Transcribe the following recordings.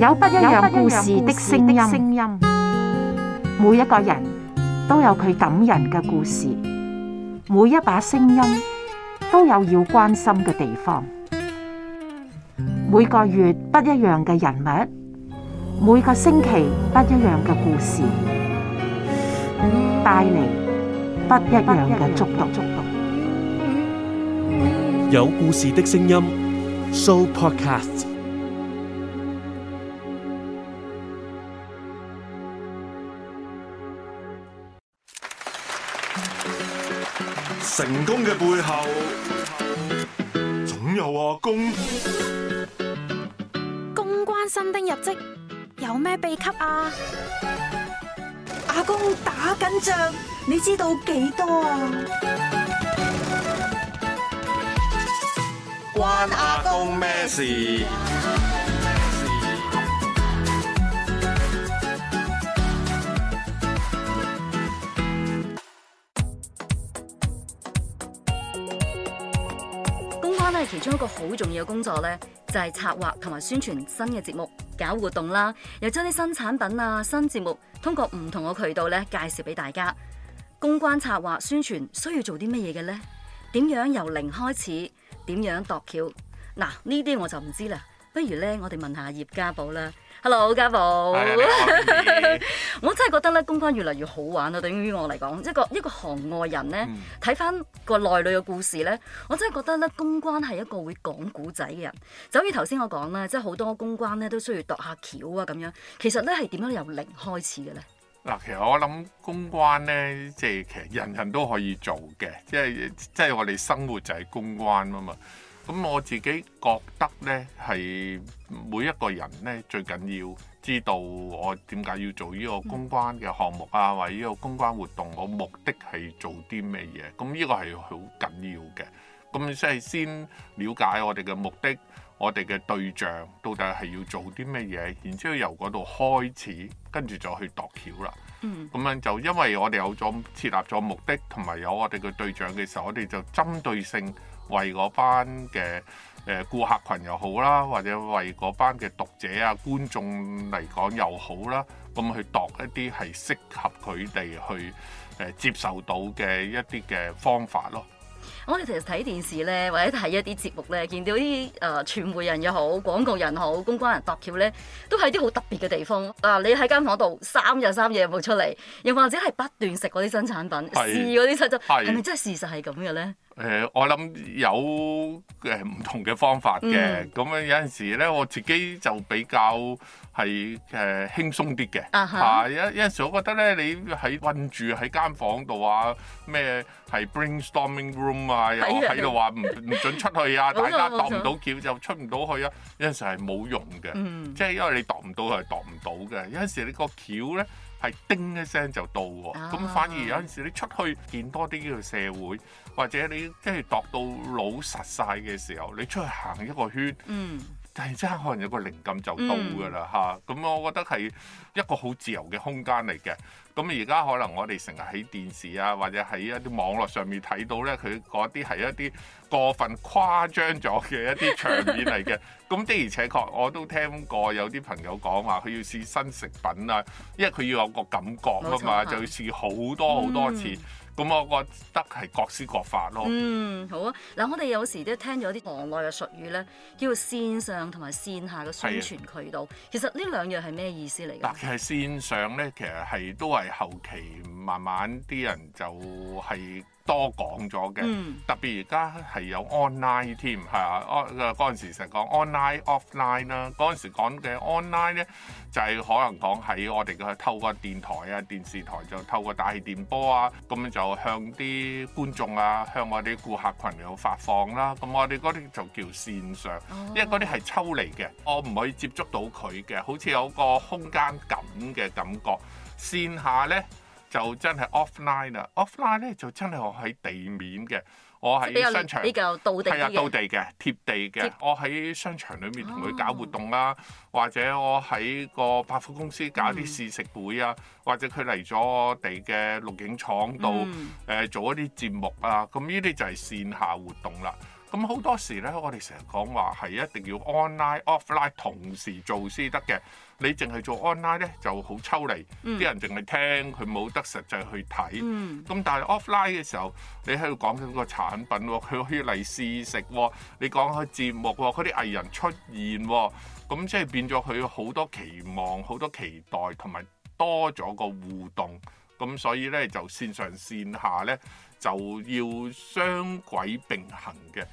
有不一樣故事的聲音，每一個人都有佢感人嘅故事，每一把聲音都有要關心嘅地方。每個月不一樣嘅人物，每個星期不一樣嘅故事，帶嚟不一樣嘅觸動。觸動。有故事的聲音，So Podcast。成功嘅背後，總有阿公。公關新丁入職，有咩秘笈啊？阿公打緊仗，你知道幾多啊？關阿公咩事？一個好重要嘅工作呢，就係、是、策劃同埋宣傳新嘅節目、搞活動啦，又將啲新產品啊、新節目通過唔同嘅渠道呢介紹俾大家。公關策劃宣傳需要做啲乜嘢嘅呢？點樣由零開始？點樣度橋？嗱，呢啲我就唔知啦。不如呢，我哋問，問下葉家寶啦。Hello，家寶，Hi, 我真係覺得咧公關越嚟越好玩啊！對於我嚟講，一個一個行外人咧，睇翻個內裏嘅故事咧，我真係覺得咧公關係一個會講古仔嘅人。就好似頭先我講咧，即係好多公關咧都需要度下橋啊咁樣。其實咧係點樣由零開始嘅咧？嗱，其實我諗公關咧，即係其實人人都可以做嘅，即係即係我哋生活就係公關啊嘛。咁我自己覺得呢，係每一個人呢，最緊要知道我點解要做呢個公關嘅項目啊，或者呢個公關活動，我目的係做啲咩嘢？咁呢個係好緊要嘅。咁即係先了解我哋嘅目的，我哋嘅對象到底係要做啲咩嘢，然之後由嗰度開始，跟住就去度橋啦。咁樣就因為我哋有咗設立咗目的，同埋有我哋嘅對象嘅時候，我哋就針對性。為嗰班嘅誒顧客群又好啦，或者為嗰班嘅讀者啊、觀眾嚟講又好啦，咁去度一啲係適合佢哋去誒接受到嘅一啲嘅方法咯。我哋其實睇電視咧，或者睇一啲節目咧，見到啲誒傳媒人又好、廣告人又好、公關人度橋咧，都喺啲好特別嘅地方。啊，你喺間房度三日三夜冇出嚟，又或者係不斷食嗰啲新產品、是試嗰啲新品，係咪真係事實係咁嘅咧？誒、呃，我諗有誒唔同嘅方法嘅，咁、嗯、樣有陣時咧，我自己就比較係誒、呃、輕鬆啲嘅。啊，哈啊，有有陣時我覺得咧，你喺困住喺間房度啊，咩係 brainstorming room 啊，啊又喺度話唔唔準出去啊， 大家度唔到橋就出唔到去啊，有陣時係冇用嘅，即係因為你度唔到係度唔到嘅，有陣時你個橋咧。係叮一聲就到喎，咁、啊、反而有陣時你出去見多啲呢個社會，或者你即係度到老實晒嘅時候，你出去行一個圈，就係真係可能有個靈感就到㗎啦嚇。咁、嗯啊、我覺得係一個好自由嘅空間嚟嘅。咁而家可能我哋成日喺電視啊，或者喺一啲網絡上面睇到咧，佢嗰啲係一啲過分誇張咗嘅一啲場面嚟嘅。咁 的而且確，我都聽過有啲朋友講話，佢要試新食品啊，因為佢要有個感覺啊嘛，冇錯，就要試好多好多次。嗯。咁我覺得係各施各法咯。嗯，好啊。嗱，我哋有時都聽咗啲行內嘅術語咧，叫做線上同埋線下嘅宣傳渠道。的其實呢兩樣係咩意思嚟？嗱，其實線上咧，其實係都係後期慢慢啲人就係、係。多講咗嘅，特別而家係有 online 添，係啊，嗰、哦、陣、呃、時成日講 online offline 啦。嗰陣、啊、時講嘅 online 咧，就係、是、可能講喺我哋嘅透過電台啊、電視台就透過大氣電波啊，咁就向啲觀眾啊、向我哋顧客群嚟發放啦。咁、啊、我哋嗰啲就叫線上，因為嗰啲係抽離嘅，我唔可以接觸到佢嘅，好似有個空間感嘅感覺。線下咧，就真係 offline 啦，offline 咧就真係我喺地面嘅，我喺商場呢個到地嘅、啊，貼地嘅，即我喺商場裏面同佢搞活動啦、啊，哦、或者我喺個百貨公司搞啲試食會啊，嗯、或者佢嚟咗我哋嘅錄影廠度誒、嗯呃、做一啲節目啊，咁呢啲就係線下活動啦。咁好多時咧，我哋成日講話係一定要 online offline 同時做先得嘅。你淨係做 online 咧就好抽離，啲、嗯、人淨係聽，佢冇得實際去睇。咁、嗯、但係 offline 嘅時候，你喺度講緊個產品，佢可以嚟試食。你講個節目，嗰啲藝人出現，咁即係變咗佢好多期望、好多期待，同埋多咗個互動。咁所以咧就線上線下咧就要雙軌並行嘅。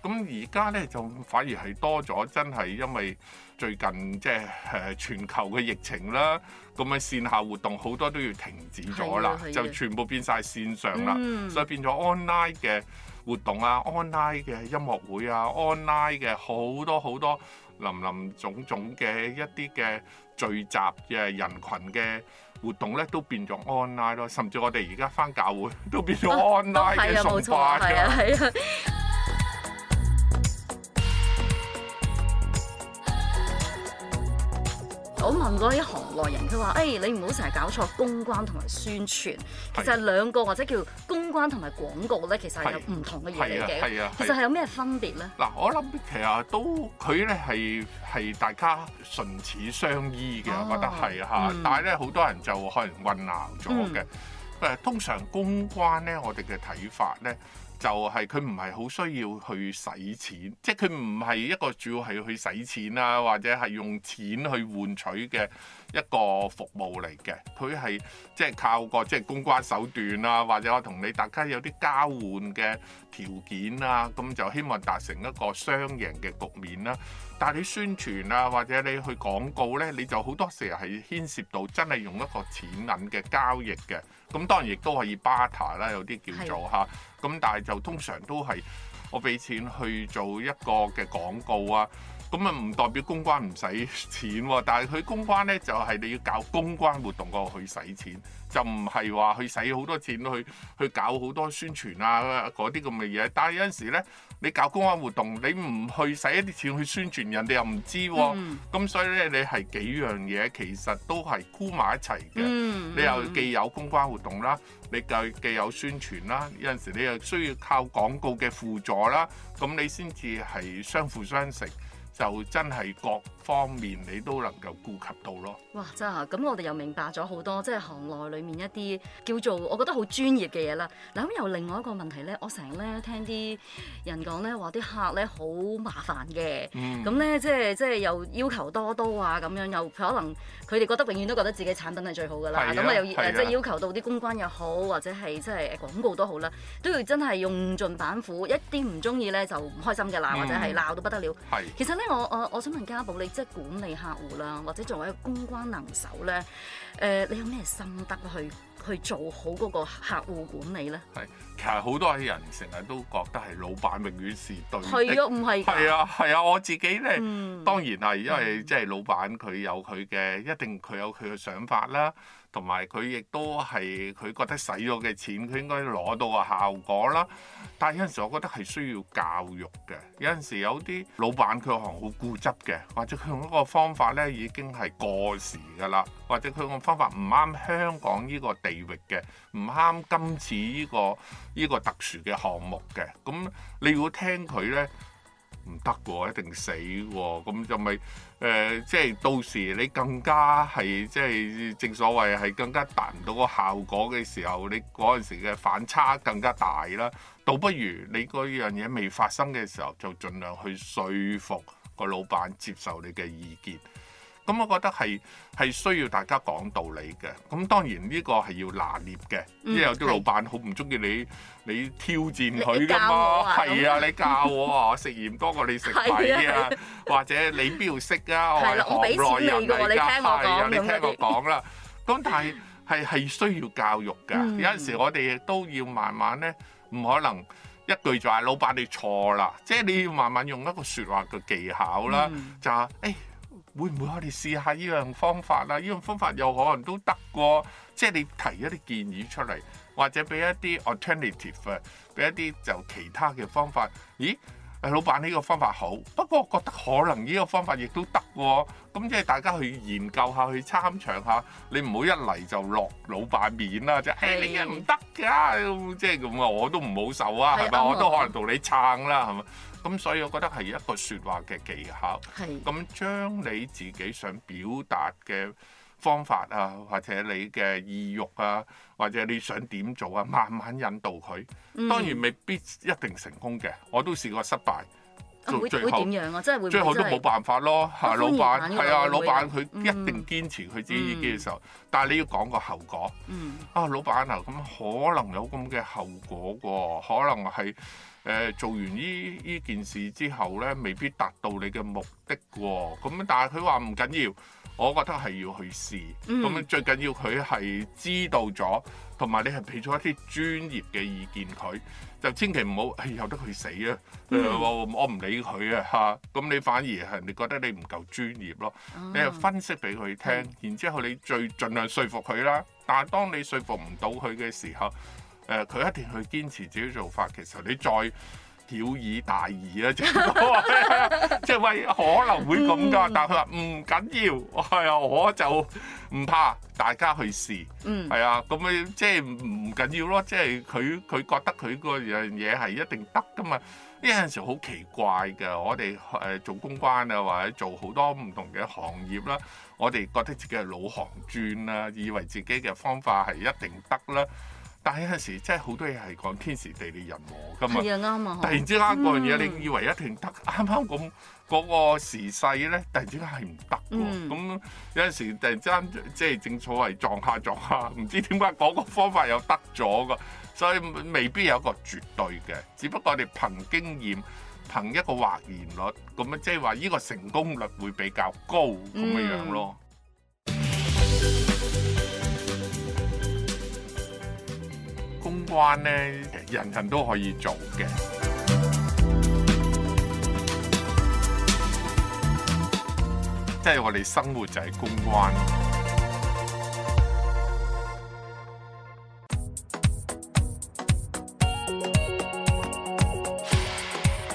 咁而家咧就反而係多咗，真係因為，最近即係誒全球嘅疫情啦，咁嘅線下活動好多都要停止咗啦，就全部變晒線上啦，嗯、所以變咗 online 嘅活動啊，online 嘅音樂會啊，online 嘅好多好多林林總總嘅一啲嘅聚集嘅人群嘅活動咧，都變咗 online 咯，甚至我哋而家返教會都變咗 online 嘅崇拜添。啊 我問過啲行內人，佢話：誒、哎，你唔好成日搞錯公關同埋宣傳。其實兩個係或者叫公關同埋廣告咧，其實係有唔同嘅嘢嘅。係啊，啊啊其實係有咩分別咧？嗱、啊，我諗其實都佢咧係係大家唇齒相依嘅，我覺得係啊。嗯、但係咧，好多人就可能混淆咗嘅。誒、嗯，通常公關咧，我哋嘅睇法咧。就係佢唔係好需要去使錢，即係佢唔係一個主要係去使錢啦，或者係用錢去換取嘅。一個服務嚟嘅，佢係即係靠個即係公關手段啊，或者我同你大家有啲交換嘅條件啊，咁就希望達成一個雙贏嘅局面啦。但係你宣傳啊，或者你去廣告咧，你就好多時係牽涉到真係用一個錢銀嘅交易嘅。咁當然亦都可以 barter 啦，有啲叫做吓。咁的但係就通常都係我俾錢去做一個嘅廣告啊。咁啊，唔代表公關唔使錢喎、啊，但係佢公關呢，就係、是、你要搞公關活動個去使錢，就唔係話去使好多錢去去搞好多宣傳啊嗰啲咁嘅嘢。但係有陣時呢，你搞公關活動，你唔去使一啲錢去宣傳，人哋又唔知喎、啊。咁、嗯、所以呢，你係幾樣嘢其實都係箍埋一齊嘅。嗯嗯、你又既有公關活動啦，你又既有宣傳啦，有陣時你又需要靠廣告嘅輔助啦，咁你先至係相輔相成。就真係覺。方面你都能夠顧及到咯。哇，真係，咁我哋又明白咗好多，即係行內裏面一啲叫做我覺得好專業嘅嘢啦。嗱，咁又另外一個問題咧，我成日咧聽啲人講咧話啲客咧好麻煩嘅，咁咧、嗯、即係即係又要求多多啊，咁樣又可能佢哋覺得永遠都覺得自己產品係最好噶啦。咁啊係又係即係要求到啲公關又好，或者係即係廣告都好啦，都要真係用盡板斧，一啲唔中意咧就唔開心嘅啦，嗯、或者係鬧到不得了。係，其實咧，我我我想問家寶你。即係管理客戶啦，或者作為一個公關能手咧，誒、呃，你有咩心得去去做好嗰個客戶管理咧？係，其實好多人成日都覺得係老闆永遠是對嘅，唔係，係啊，係啊，我自己咧，嗯、當然啦，因為即係老闆佢有佢嘅一定，佢有佢嘅想法啦。同埋佢亦都係佢覺得使咗嘅錢，佢應該攞到個效果啦。但係有陣時，我覺得係需要教育嘅。有陣時有啲老闆佢可能好固執嘅，或者佢用一個方法咧已經係過時㗎啦，或者佢用個方法唔啱香港呢個地域嘅，唔啱今次呢個呢個特殊嘅項目嘅。咁你要聽佢咧。唔得喎，一定死喎，咁就咪誒、呃，即係到時你更加係即係正所謂係更加達唔到個效果嘅時候，你嗰陣時嘅反差更加大啦。倒不如你嗰樣嘢未發生嘅時候，就盡量去說服個老闆接受你嘅意見。咁我覺得係係需要大家講道理嘅。咁當然呢個係要拿捏嘅，嗯、因為有啲老闆好唔中意你你挑戰佢㗎嘛。係啊，啊，你教我啊，我食 鹽多過你食米啊，啊啊或者你邊度識啊？我係、啊、行內人嚟、啊、㗎，係啊，你聽我講啦。咁、啊、但係係係需要教育㗎。嗯、有陣時我哋都要慢慢咧，唔可能一句就話老闆你錯啦。即、就、係、是、你要慢慢用一個説話嘅技巧啦，嗯、就誒。哎會唔會我哋試下呢樣方法啦？呢樣方法有可能都得過，即係你提一啲建議出嚟，或者俾一啲 alternative，俾一啲就其他嘅方法。咦，老闆，呢個方法好，不過我覺得可能呢個方法亦都得喎。咁即係大家去研究下，去參詳下。你唔好一嚟就落老闆面啦 Okay.、哎，即係你嘅唔得㗎，即係咁啊！我都唔好受啊，係咪？我都可能同你撐啦，係咪？咁所以我覺得係一個説話嘅技巧，咁將是你自己想表達嘅方法啊，或者你嘅意欲啊，或者你想點做啊，慢慢引導佢。當然未必一定成功嘅，我都試過失敗。最後啊、會會點樣啊？真係會，會真，最後都冇辦法咯嚇！老闆，係啊，老闆佢一定堅持佢自己意見嘅時候，但係你要講個後果。嗯。啊，老闆啊，咁可能有咁嘅後果喎，可能係誒、呃、做完呢呢件事之後咧，未必達到你嘅目的喎。咁但係佢話唔緊要，我覺得係要去試。咁、嗯、最緊要佢係知道咗，同埋你係俾咗一啲專業嘅意見佢。就千祈唔好，由、哎、得佢死啊！嗯呃、我唔理佢啊嚇，咁、啊、你反而係你覺得你唔夠專業咯。你就分析俾佢聽，嗯、然之後你最盡量說服佢啦。但係當你說服唔到佢嘅時候，佢、呃、一定要去堅持自己做法。其實你再。曉以大義啊，即係喂可能會咁噶，但係佢話唔緊要，係啊，我就唔怕大家去試，係、嗯、啊，咁樣即係唔緊要咯，即係佢佢覺得佢個樣嘢係一定得噶嘛，呢陣時好奇怪嘅，我哋誒做公關啊，或者做好多唔同嘅行業啦，我哋覺得自己係老行專啦，以為自己嘅方法係一定得啦。但有陣時，真係好多嘢係講天時地利人和噶嘛。係啊的，啱啊、嗯。突然之間嗰樣嘢，你以為一定得，啱啱咁嗰個時勢咧，突然之間係唔得喎。咁、嗯、有陣時，突然之間即係正所謂撞下撞下，唔知點解嗰個方法又得咗噶。所以未必有一個絕對嘅，只不過你哋憑經驗，憑一個或然率，咁樣即係話呢個成功率會比較高咁嘅、嗯、樣咯。關咧，人人都可以做嘅，即係我哋生活就係公關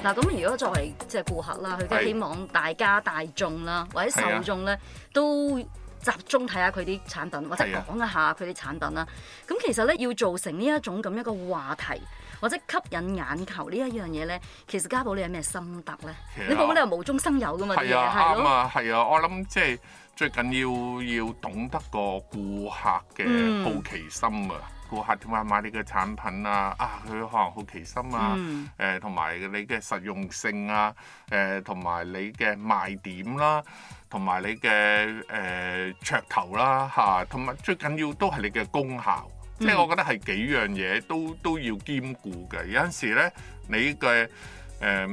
嗱。咁如果作為即係顧客啦，佢都希望大家大眾啦，或者受眾咧都，集中睇下佢啲產品，或者講一下佢啲產品啦。咁的其實咧，要做成呢一種咁一個話題，或者吸引眼球呢一樣嘢咧，其實家寶有實你有咩心得咧？你冇理由無中生有噶嘛？係啊實，係啊，我諗即係最緊要要懂得個顧客嘅好奇心啊！嗯顧客點樣買你嘅產品啊？啊，佢可能好奇心啊，誒、嗯，同埋、呃、你嘅實用性啊，誒，同埋你嘅賣點啦，同埋你嘅誒噱頭啦、啊，嚇、啊，同埋最緊要都係你嘅功效，即係、嗯、我覺得係幾樣嘢都都要兼顧嘅。有陣時咧，你嘅誒、呃、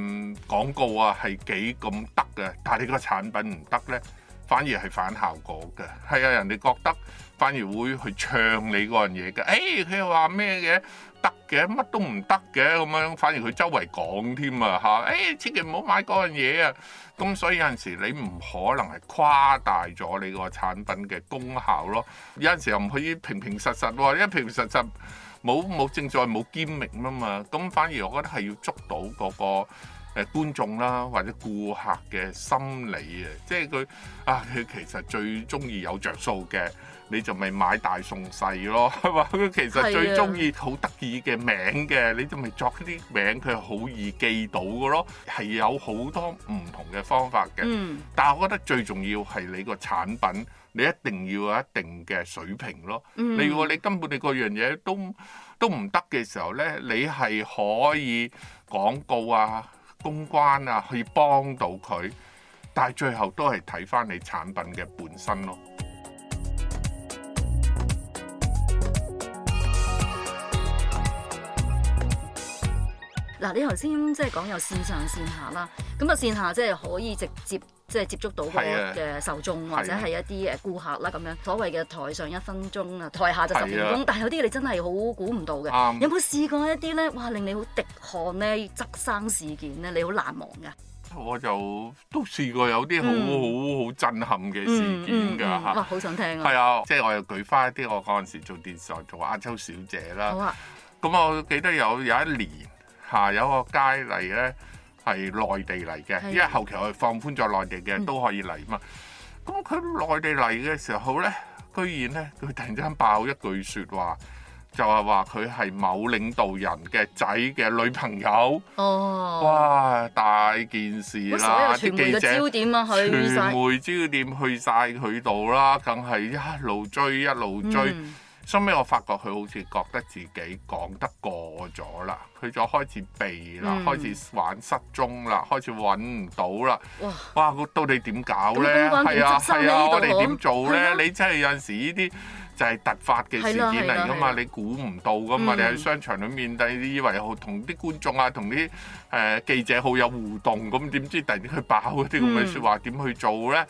廣告啊係幾咁得嘅，但係你個產品唔得咧，反而係反效果嘅。係啊，人哋覺得。反而會去唱你嗰樣嘢嘅，誒佢又話咩嘅得嘅，乜都唔得嘅咁樣，反而佢周圍講添啊嚇，誒、哎、千祈唔好買嗰樣嘢啊，咁所以有陣時你唔可能係誇大咗你個產品嘅功效咯，有陣時又唔可以平平實實喎，因為平平實實冇冇證據冇堅明啊嘛，咁反而我覺得係要捉到嗰、嗰個。誒觀眾啦，或者顧客嘅心理啊，即係佢啊，佢其實最中意有着數嘅，你就咪買大送細咯，係嘛？佢其實最中意好得意嘅名嘅，你就咪作啲名，佢好易記到嘅咯。係有好多唔同嘅方法嘅，嗯、但係我覺得最重要係你個產品，你一定要有一定嘅水平咯。嗯、你如果你根本你嗰樣嘢都都唔得嘅時候咧，你係可以廣告啊～公關啊，去幫到佢，但係最後都係睇翻你產品嘅本身咯。嗱，你頭先即係講有線上線下啦，咁啊線下即係可以直接即係接觸到嗰啲嘅受眾的或者係一啲誒顧客啦，咁樣所謂嘅台上一分鐘啊，台下就十年功，的但係有啲嘢你真係好估唔到嘅。嗯、有冇試過一啲咧？哇，令你好滴汗咧，執生事件咧，你好難忘噶。我就都試過有啲好好好震撼嘅事件㗎嚇、嗯嗯嗯嗯。哇，好想聽啊！係啊，即、就、係、是、我又舉翻一啲我嗰陣時做電視台做亞洲小姐啦。好啊。咁我記得有有一年。下、啊、有個佳麗嚟咧，係內地嚟嘅，的因為後期我哋放寬咗內地嘅、嗯、都可以嚟嘛。咁佢內地嚟嘅時候咧，居然咧佢突然之間爆一句説話，就係話佢係某領導人嘅仔嘅女朋友。哦！哇！大件事啦！啲記者、傳媒焦點啊，傳媒焦點去晒佢度啦，梗係一路追一路追。後尾我發覺佢好似覺得自己講得過咗啦，佢就開始避啦，開始玩失蹤啦，開始揾唔到啦。哇！哇！到底點搞咧？係啊係啊！我哋點做咧？你真係有陣時呢啲就係突發嘅事件嚟㗎嘛，你估唔到㗎嘛！你喺商場裏面，你以為同啲觀眾啊、同啲誒記者好有互動，咁點知突然佢爆嗰啲咁嘅説話，點去做咧？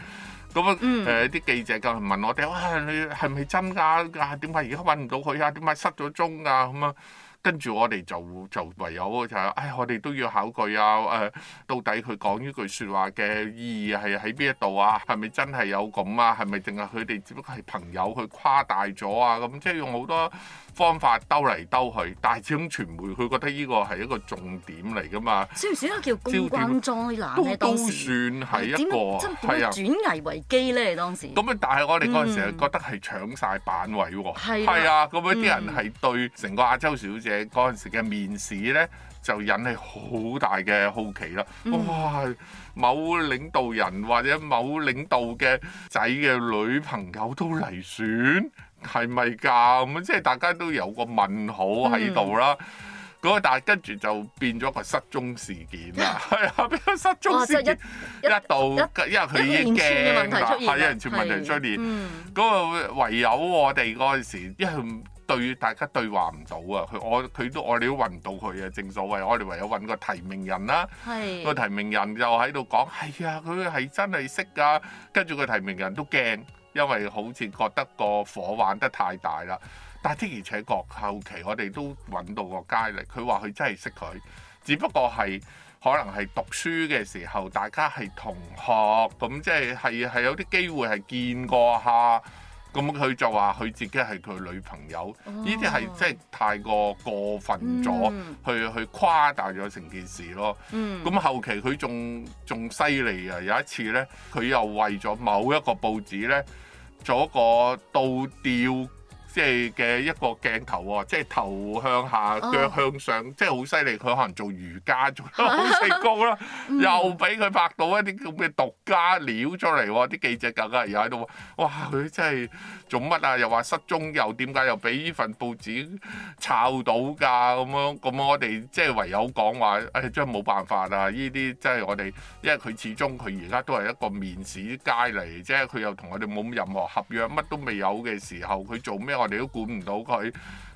咁啊，誒啲、呃、記者就問我哋，哇，你係咪真㗎？點解而家揾唔到佢啊？點解失咗蹤㗎？咁啊，跟住、啊啊、我哋就就唯有就係，唉，我哋都要考佢啊！誒、呃，到底佢講呢句説話嘅意義係喺邊一度啊？係咪真係有咁啊？係咪淨係佢哋只不過係朋友去誇大咗啊？咁即係用好多方法兜嚟兜去，但係始終傳媒佢覺得呢個係一個重點嚟噶嘛？算唔算咧叫公關災難都算係一個啊！點轉危為機咧？當時咁，但係我哋嗰陣時係覺得係搶晒版位喎，係啊！咁樣啲人係對成個亞洲小姐嗰陣時嘅面試咧，就引起好大嘅好奇啦！哇！某領導人或者某領導嘅仔嘅女朋友都嚟選。係咪噶咁？即係大家都有個問號喺度啦。嗰個但跟住就變咗個失蹤事件啦。係啊，變咗失蹤事件，一度因為佢已經驚，係一連串問題出現。嗰個唯有我哋嗰陣時，因為對大家對話唔到啊。佢我佢都我哋都揾唔到佢啊。正所謂我哋唯有揾個提名人啦。個提名人又喺度講：係啊，佢係真係識噶。跟住個提名人都驚。因為好似覺得個火玩得太大啦，但的而且確後期我哋都揾到個佳嚟。佢話佢真係識佢，只不過係可能係讀書嘅時候大家係同學咁，即係係係有啲機會係見過下。咁佢就話佢自己係佢女朋友，呢啲係即係太過過分咗，嗯、去去誇大咗成件事咯。咁、嗯、後期佢仲仲犀利啊！有一次咧，佢又為咗某一個報紙咧，做一個倒吊。即係嘅一個鏡頭，即係頭向下，腳、oh. 向上，即係好犀利。佢可能做瑜伽做得好成功啦， 又俾佢拍到一啲咁嘅獨家料出嚟，啲記者更加又喺度，哇！佢真係做乜啊？又話失蹤又點解又俾呢份報紙抄到噶，咁樣，咁我哋即係唯有講話，唉、哎，真係冇辦法啊！呢啲真係我哋，因為佢始終佢而家都係一個面試佳麗嚟，即係佢又同我哋冇任何合約乜都未有嘅時候，佢做咩？我哋都管唔到佢，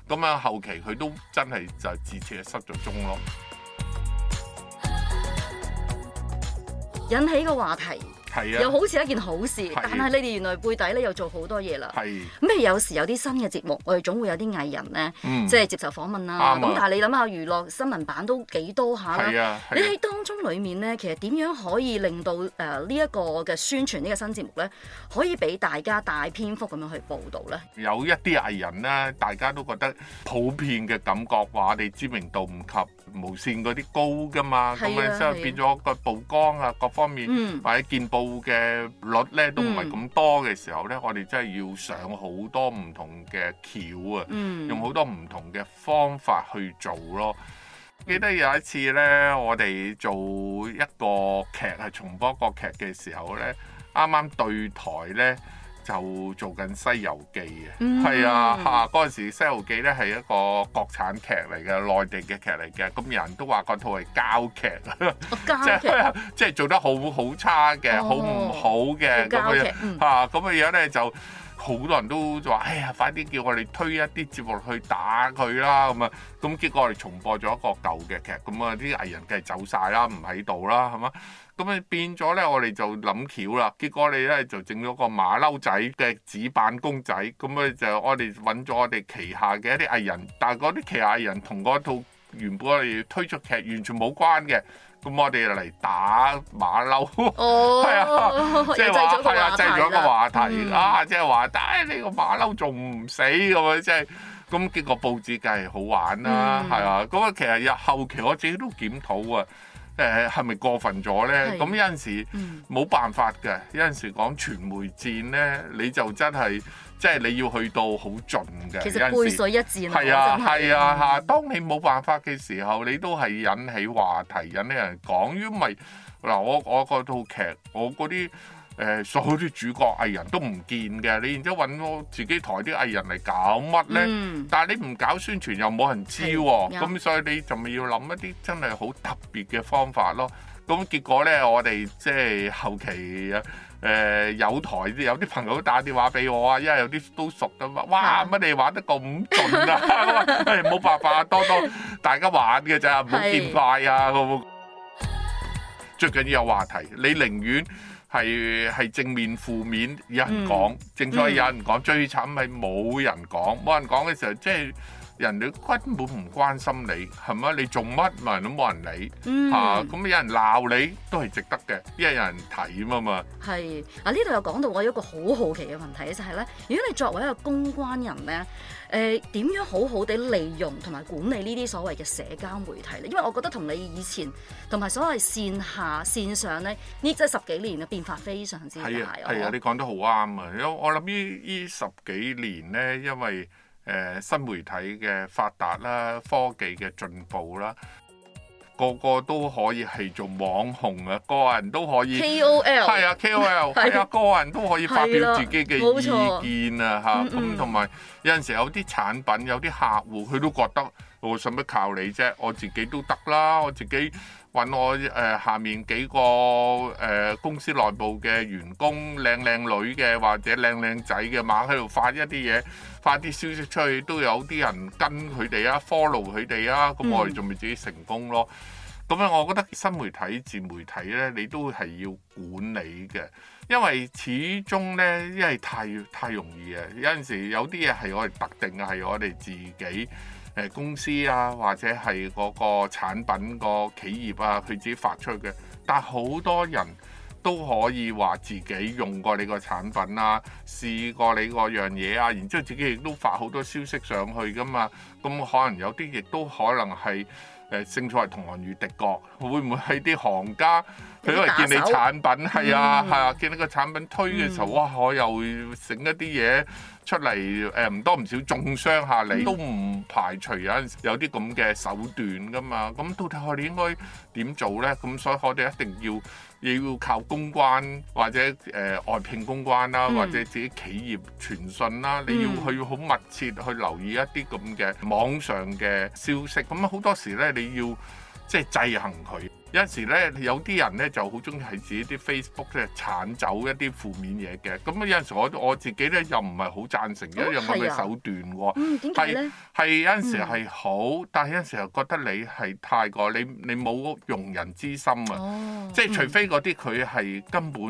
咁樣後期佢都真係就自切失咗蹤咯，引起個話題。啊、又好似一件好事，啊、但係你哋原來背底咧又做好多嘢啦。係咁、啊，係有時有啲新嘅節目，我哋總會有啲藝人呢，嗯、即係接受訪問啦。咁、啊、但係你諗下，娛樂新聞版都幾多下、啊、啦。啊啊、你喺當中裡面呢，其實點樣可以令到誒呢一個嘅宣傳呢、呢個新節目呢，可以俾大家大篇幅咁樣去報導呢？有一啲藝人呢，大家都覺得普遍嘅感覺話，你知名度唔及。無線嗰啲高㗎嘛，咁的樣即係變咗個曝光啊，的各方面、嗯、或者見報嘅率咧都唔係咁多嘅時候咧，嗯、我哋真係要上好多唔同嘅橋啊，嗯、用好多唔同嘅方法去做咯。嗯、記得有一次咧，我哋做一個劇係重播個劇嘅時候咧，啱啱對台咧。就做緊《嗯啊、西遊記》嘅，係啊嚇！嗰陣時《西遊記》咧係一個國產劇嚟嘅，內地嘅劇嚟嘅，咁人都話嗰套係膠劇，即係即係做得好好差嘅，哦、好唔好嘅咁嘅樣嚇，咁嘅樣咧就。好多人都就話：哎呀，快啲叫我哋推一啲節目去打佢啦咁啊！咁結果我哋重播咗一個舊嘅劇咁啊，啲藝人梗係走晒啦，唔喺度啦，係嘛？咁啊變咗咧，我哋就諗橋啦。結果你哋咧就整咗個馬騮仔嘅紙板公仔，咁咧就我哋揾咗我哋旗下嘅一啲藝人，但係嗰啲旗下藝人同嗰套原本我哋推出劇完全冇關嘅。咁我哋嚟打馬騮，係啊、哦，即係話係啊，製咗個話題啊，即係話，唉、哎，呢、這個馬騮仲唔死咁樣，即係咁，結果報紙梗係好玩啦，係啊，咁啊、嗯，其實日後期我自己都檢討啊，誒，係咪過分咗咧？咁的有陣時冇辦法嘅，有陣時講傳媒戰咧，你就真係。即係你要去到好盡嘅，其實背水一戰係啊，係啊嚇、啊啊！當你冇辦法嘅時候，你都係引起話題，引起人講。如果唔係嗱，我我嗰套劇，我嗰啲誒所有啲主角藝人都唔見嘅，你然之後揾我自己台啲藝人嚟搞乜咧？嗯、但係你唔搞宣傳又冇人知喎，咁、嗯、所以你就咪要諗一啲真係好特別嘅方法咯。咁結果咧，我哋即係後期。誒、呃、有台啲，有啲朋友打電話俾我啊，因為有啲都熟噶嘛。哇！乜你玩得咁盡啊？冇辦法，多多大家玩嘅咋，唔好見怪啊。最緊要有話題，你寧願係係正面、負面有人講，嗯、正所謂有人講，嗯、最慘係冇人講，冇人講嘅時候即係。人哋根本唔關心你係咪？你做乜冇人都冇人理嚇，咁有人鬧你都係值得嘅，因為有人睇啊嘛。係啊，呢度又講到我有一個好好奇嘅問題，就係咧，如果你作為一個公關人咧，誒點樣好好地利用同埋管理呢啲所謂嘅社交媒體咧？因為我覺得同你以前同埋所謂線下線上咧，呢即係十幾年嘅變化非常之大。係啊，你講得好啱啊！因為我諗呢呢十幾年咧，因為誒新媒體嘅發達啦，科技嘅進步啦，個個都可以係做網紅啊，個人都可以 KOL，係啊 KOL，係 啊，啊個人都可以發表自己嘅意見啊嚇，咁同埋有陣時有啲產品有啲客戶佢都覺得我使乜靠你啫，我自己都得啦，我自己。揾我誒、呃、下面幾個誒、呃、公司內部嘅員工靚靚女嘅或者靚靚仔嘅嘛喺度發一啲嘢，發啲消息出去都有啲人跟佢哋啊，follow 佢哋啊，咁我哋仲未自己成功咯。咁啊、嗯，樣我覺得新媒體、自媒體咧，你都係要管理嘅，因為始終咧因為太太容易啊，有陣時有啲嘢係我哋特定嘅，係我哋自己。公司啊，或者係嗰個產品個企業啊，佢自己發出嘅，但好多人都可以話自己用過你個產品啊，試過你個樣嘢啊，然之後自己亦都發好多消息上去噶嘛，咁可能有啲亦都可能係。誒勝在同行如敵國，會唔會係啲行家？佢因為見你產品係手啊係、嗯、啊，見你個產品推嘅時候，嗯、哇！我又整一啲嘢出嚟，誒唔多唔少中傷下你，嗯、都唔排除有陣時有啲咁嘅手段㗎嘛。咁到底我哋應該點做咧？咁所以我哋一定要。你要靠公關或者誒、呃、外聘公關啦，或者自己企業傳訊啦，嗯、你要去好密切去留意一啲咁嘅網上嘅消息，咁啊好多時咧你要即係制衡佢。有陣時咧，有啲人咧就好中意喺自己啲 Facebook 咧鏟走一啲負面嘢嘅。咁啊，有陣時我我自己咧又唔係好贊成一樣咁嘅手段喎。點解咧、哦？係、啊、係有陣時係好，嗯、但係有陣時又覺得你係太過，你你冇容人之心啊！哦、即係除非嗰啲佢係根本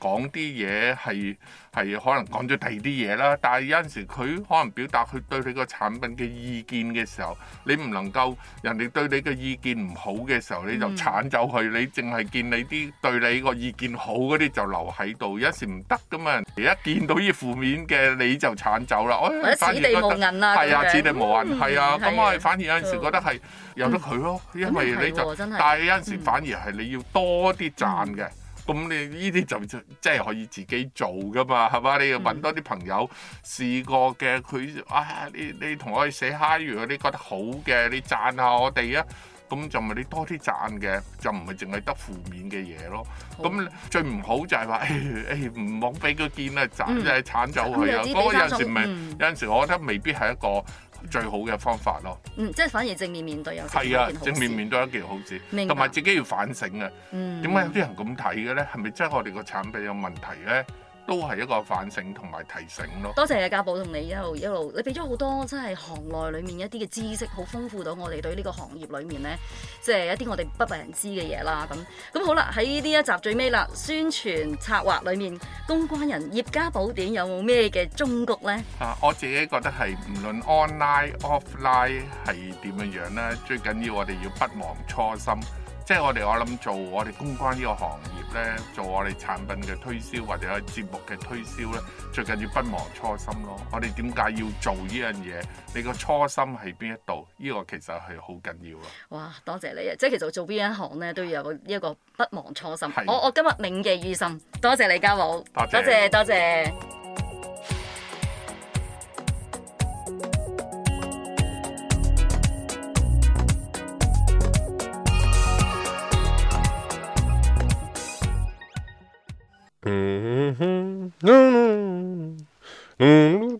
講啲嘢係係可能講咗第二啲嘢啦。但係有陣時佢可能表達佢對你個產品嘅意見嘅時候，你唔能夠人哋對你嘅意見唔好嘅時候，你就鏟。鏟走去，你淨係見你啲對你個意見好嗰啲就留喺度，有陣時唔得噶嘛。而家見到啲負面嘅，你就鏟走啦。我反而覺得係啊，此地無銀係啊，咁我反而有陣時覺得係由得佢咯，因為你就但係有陣時反而係你要多啲讚嘅。咁你呢啲就即係可以自己做噶嘛，係嘛？你要搵多啲朋友試過嘅，佢啊，你你同我去 say hi，如果你覺得好嘅，你讚下我哋啊。咁就咪你多啲贊嘅，就唔係淨係得負面嘅嘢咯。咁好最唔好就係話，誒誒唔好俾佢見啊，贊啊，鏟走佢啊。嗰、嗯、個有陣時咪、嗯、有陣時，時嗯、我覺得未必係一個最好嘅方法咯。嗯，即係反而正面面對有係啊，正面面對一件好事，同埋確自己要反省啊。點解、嗯、有啲人咁睇嘅咧？係咪真係我哋個產品有問題咧？都係一個反省同埋提醒咯。多謝阿家寶同你一路一路，你俾咗好多真係行內裏面一啲嘅知識，好豐富到我哋對呢個行業裏面呢，即係一啲我哋不為人知嘅嘢啦。咁咁好啦，喺呢一集最尾啦，宣傳策劃裏面，公關人葉家寶典有冇咩嘅忠告呢？啊，我自己覺得係唔論 online offline 係點樣樣呢，最緊要我哋要不忘初心。即係我哋，我諗做我哋公關呢個行業咧，做我哋產品嘅推銷或者係節目嘅推銷咧，最緊要不忘初心咯。我哋點解要做呢樣嘢？你個初心喺邊一度？呢個其實係好緊要咯。哇！多謝你，即係其實做邊一行咧都要有呢一個，一個不忘初心。的我我今日銘記於心，多謝李家寶謝，多謝多謝。